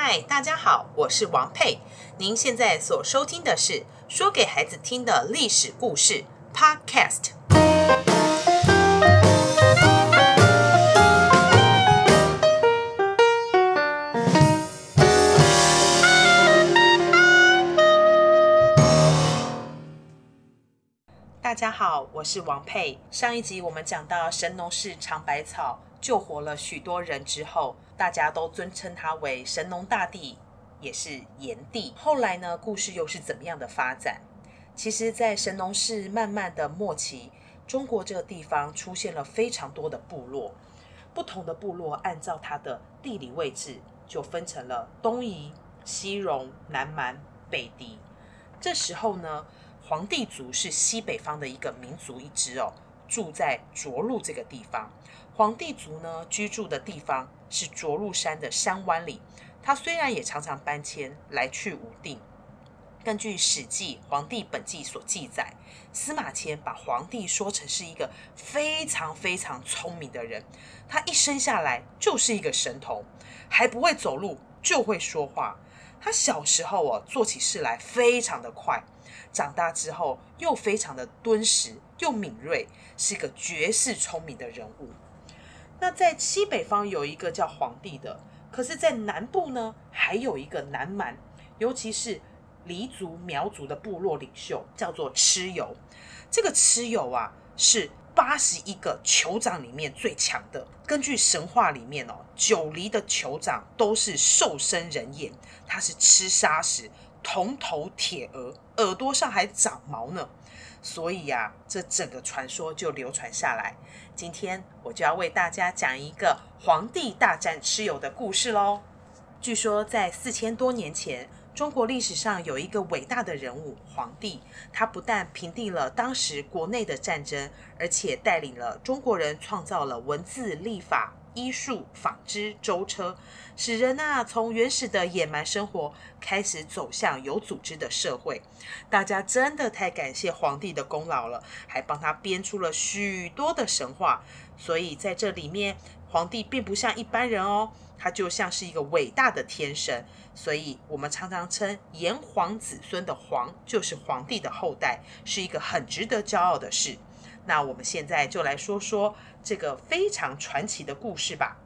嗨，Hi, 大家好，我是王佩。您現在所收聽的是《說給孩子聽的歷史故事》Podcast。大家好，我是王佩。上一集我們講到神農氏嘗百草。救活了許多人之後，大家都尊稱他為神農大帝，也是炎帝。後來呢，故事又是怎麼樣的發展？其實，在神農氏慢慢的末期，中國這個地方出現了非常多的部落，不同的部落按照它的地理位置就分成了東夷、西戎、南蠻、北狄。這時候呢，黃帝族是西北方的一個民族一支哦。住在涿鹿這個地方，黃帝族呢居住的地方是涿鹿山的山灣裡。他雖然也常常搬遷，來去無定。根據《史記·黃帝本紀》所記載，司馬遷把黃帝說成是一個非常非常聰明的人。他一生下來就是一個神童，還不會走路就會說話。他小時候哦、啊，做起事來非常的快，長大之後又非常的敦實。又敏銳，是個絕世聰明的人物。那在西北方有一個叫黃帝的，可是，在南部呢，還有一個南蠻，尤其是黎族、苗族的部落領袖，叫做蚩尤。這個蚩尤啊，是八十一個酋長裡面最強的。根據神話裡面哦，九黎的酋長都是獸身人眼，他是吃砂石，銅頭鐵額，耳朵上還長毛呢。所以呀、啊，這整個傳說就流傳下來。今天我就要為大家講一個黃帝大戰蚩尤的故事嘍。據說在四千多年前，中國歷史上有一個偉大的人物——黃帝，他不但平定了當時國內的戰爭，而且帶領了中國人創造了文字、曆法。醫術、紡織、舟車，使人吶、啊、從原始的野蠻生活開始走向有組織的社會。大家真的太感謝黃帝的功勞了，還幫他編出了許多的神話。所以在這裡面，黃帝並不像一般人哦，他就像是一個偉大的天神。所以我們常常稱炎黃子孫的“黃”就是黃帝的後代，是一個很值得驕傲的事。那我們現在就來說說這個非常傳奇的故事吧。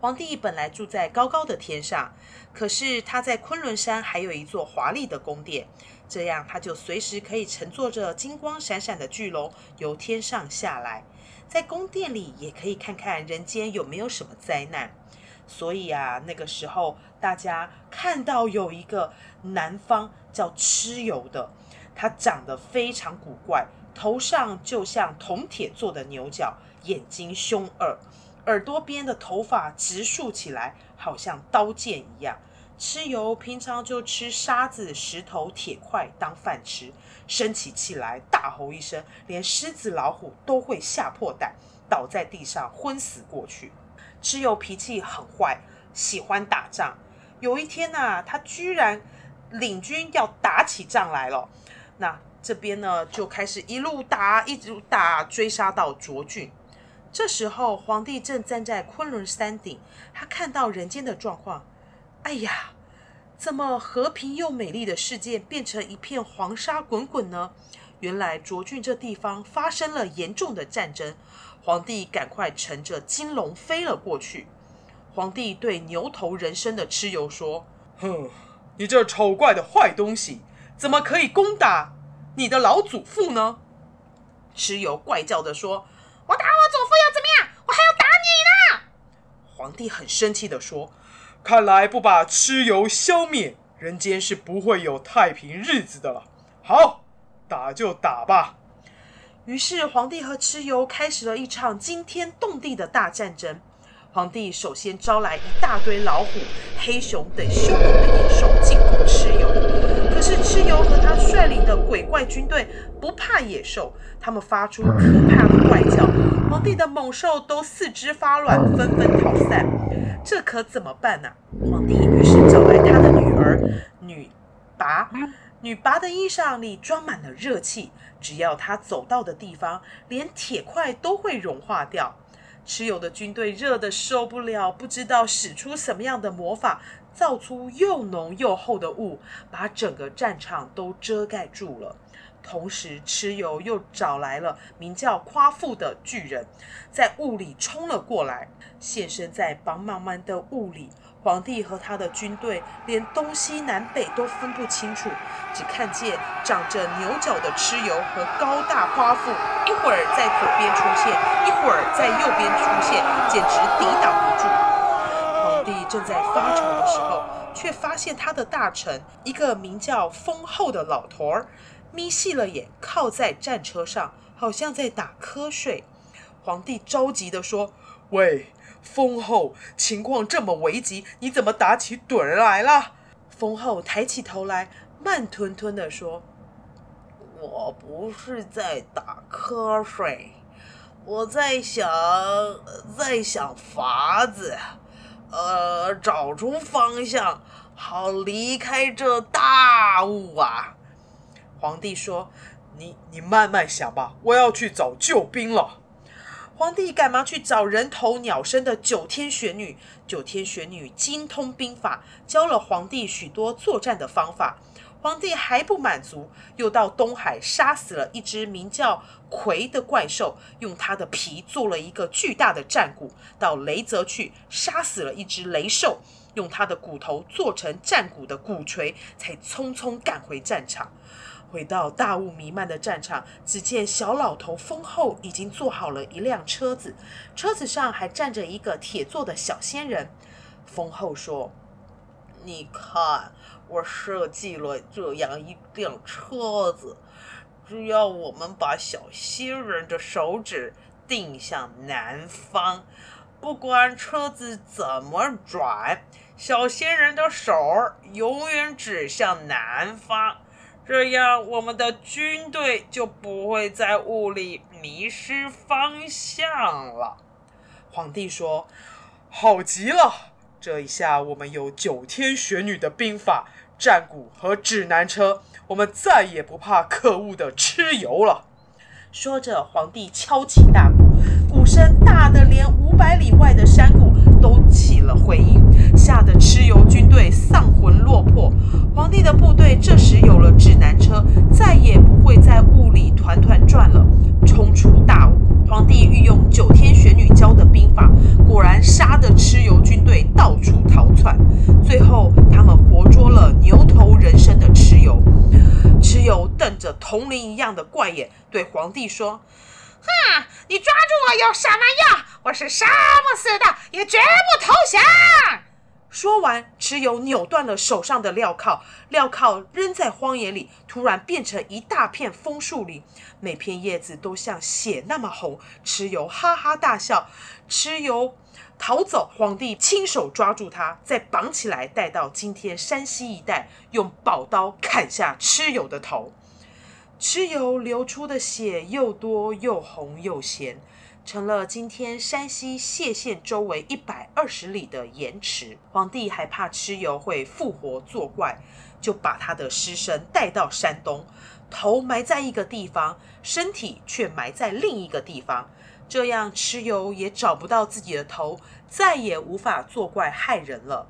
黃帝本來住在高高的天上，可是他在崑崙山還有一座華麗的宮殿，這樣他就隨時可以乘坐着金光閃閃的巨龍由天上下來，在宮殿裡也可以看看人間有沒有什麼災難。所以啊，那個時候大家看到有一個南方叫蚩尤的，他長得非常古怪。頭上就像銅鐵做的牛角，眼睛兇惡，耳朵邊的頭髮直豎起來，好像刀劍一樣。蚩尤平常就吃沙子、石頭、鐵塊當飯吃，生起氣來大吼一聲，連獅子、老虎都會嚇破膽，倒在地上昏死過去。蚩尤脾氣很壞，喜歡打仗。有一天吶、啊，他居然領軍要打起仗來了，那。這邊呢，就開始一路打，一路打，追殺到涿郡。這時候，黃帝正站在崑崙山頂，他看到人間的狀況。哎呀，怎麼和平又美麗的世界變成一片黃沙滾滾呢？原來涿郡這地方發生了嚴重的戰爭。黃帝趕快乘着金龍飛了過去。黃帝對牛頭人身的蚩尤說：“哼，你這醜怪的壞東西，怎麼可以攻打？”你的老祖父呢？蚩尤怪叫的說：“我打我祖父又怎麼樣？我還要打你呢！”黃帝很生氣的說：“看來不把蚩尤消滅，人間是不會有太平日子的了。好，打就打吧。”於是黃帝和蚩尤開始了一場驚天動地的大戰爭。黃帝首先招來一大堆老虎、黑熊等兇猛的野獸進攻蚩尤。鬼怪軍隊不怕野獸，他們發出可怕的怪叫，黃帝的猛獸都四肢發軟，紛紛逃散。這可怎麼辦呢？啊，黃帝於是找來他的女兒女魃，女魃的衣裳裡裝滿了熱氣，只要她走到的地方，連鐵塊都會融化掉。蚩尤的軍隊熱得受不了，不知道使出什麼樣的魔法，造出又濃又厚的霧，把整個戰場都遮蓋住了。同時，蚩尤又找來了名叫夸父的巨人，在霧裡衝了過來，現身在茫茫的霧裡。黃帝和他的軍隊連東西南北都分不清楚，只看見長着牛角的蚩尤和高大夸父，一會兒在左邊出現，一會兒在右邊出現，簡直抵擋不住。正在發愁的時候，卻發現他的大臣，一個名叫風後的老頭兒，眯細了眼，靠在戰車上，好像在打瞌睡。黃帝着急地說：“喂，風後，情況這麼危急，你怎麼打起盹來了？”風後抬起頭來，慢吞吞地說：“我不是在打瞌睡，我在想，在想法子。”呃，找出方向，好離開這大霧啊！黃帝說：“你你慢慢想吧，我要去找救兵了。”黃帝趕忙去找人頭鳥身的九天玄女。九天玄女精通兵法，教了黃帝許多作戰的方法。黃帝還不滿足，又到東海殺死了一隻名叫夔的怪獸，用它的皮做了一個巨大的戰鼓；到雷澤去殺死了一隻雷獸，用它的骨頭做成戰鼓的鼓槌，才匆匆趕回戰場。回到大霧彌漫的戰場，只見小老頭風後已經做好了一輛車子，車子上還站着一個鐵做的小仙人。風後說。你看，我設計了這樣一輛車子，只要我們把小仙人的手指定向南方，不管車子怎麼轉，小仙人的手兒永遠指向南方，這樣我們的軍隊就不會在霧裡迷失方向了。黃帝說：“好極了。”這一下，我們有九天玄女的兵法、戰鼓和指南車，我們再也不怕可惡的蚩尤了。說着，黃帝敲起大鼓，鼓聲大得連五百里外的山谷都起了回音，嚇得蚩尤軍隊喪魂落魄。黃帝的部隊這時有了指南車，再也不會在霧裡團團轉了，衝出大霧。黃帝御用九天玄女教的兵法，果然殺得蚩尤軍。銅鈴一樣的怪眼對黃帝說：“哼，你抓住我有什麼用？我是殺不死的，也絕不投降。”說完，蚩尤扭斷了手上的鐐銬，鐐銬扔在荒野裡，突然變成一大片楓樹林，每片葉子都像血那麼紅。蚩尤哈哈大笑，蚩尤逃走。黃帝親手抓住他，再綁起來帶到今天山西一帶，用寶刀砍下蚩尤的頭。蚩尤流出的血又多又紅又鹹，成了今天山西解縣周圍一百二十里的鹽池。黃帝還怕蚩尤會復活作怪，就把他的屍身帶到山東，頭埋在一個地方，身體卻埋在另一個地方，這樣蚩尤也找不到自己的頭，再也無法作怪害人了。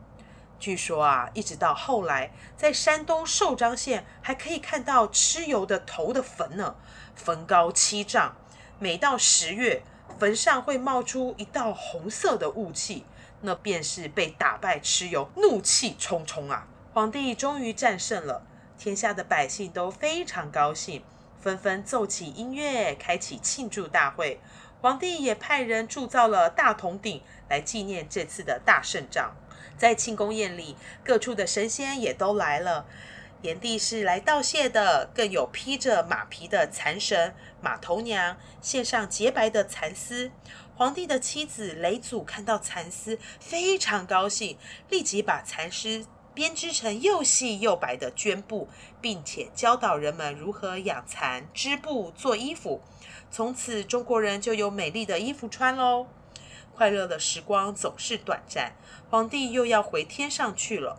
據說啊，一直到後來，在山東壽張縣還可以看到蚩尤的頭的墳呢，墳高七丈，每到十月，墳上會冒出一道紅色的霧氣，那便是被打敗蚩尤怒氣冲沖啊！黃帝終於戰勝了，天下的百姓都非常高興，紛紛奏起音樂，開啟慶祝大會。黃帝也派人鑄造了大銅鼎來紀念這次的大勝仗。在慶功宴裡，各處的神仙也都來了。炎帝是來道謝的，更有披着馬皮的蠶神馬頭娘獻上潔白的蠶絲。黃帝的妻子嫘祖看到蠶絲非常高興，立即把蠶絲編織成又細又白的絹布，並且教導人們如何養蠶、織布、做衣服。從此，中國人就有美麗的衣服穿嘍。快樂的時光總是短暫，黃帝又要回天上去了。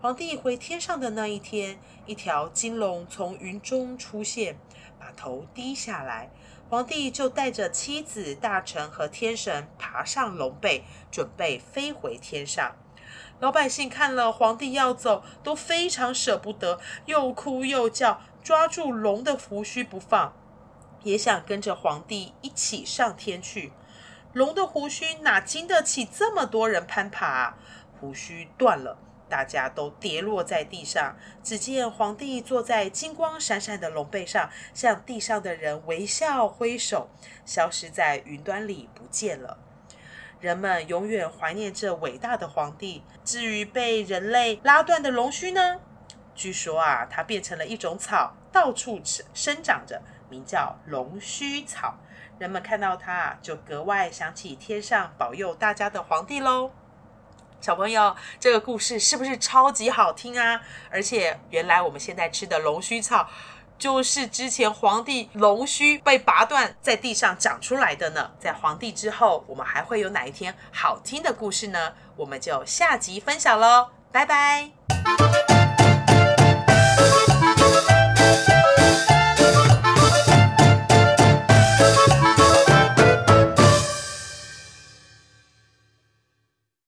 黃帝回天上的那一天，一條金龍從雲中出現，把頭低下來。黃帝就帶着妻子、大臣和天神爬上龍背，準備飛回天上。老百姓看了黃帝要走，都非常捨不得，又哭又叫，抓住龍的鬍鬚不放，也想跟着黃帝一起上天去。龍的鬍鬚哪經得起這麼多人攀爬啊？鬍鬚斷了，大家都跌落在地上。只見黃帝坐在金光閃閃的龍背上，向地上的人微笑揮手，消失在雲端裡不見了。人們永遠懷念這偉大的黃帝。至於被人類拉斷的龍鬚呢？據說啊，它變成了一種草，到處生生長着，名叫龍鬚草。人們看到它啊，就格外想起天上保佑大家的皇帝嘍。小朋友，這個故事是不是超級好聽啊？而且，原來我們現在吃的龍鬚草，就是之前黃帝龍鬚被拔斷，在地上長出來的呢。在黃帝之後，我們還會有哪一天好聽的故事呢？我們就下集分享嘍，拜拜。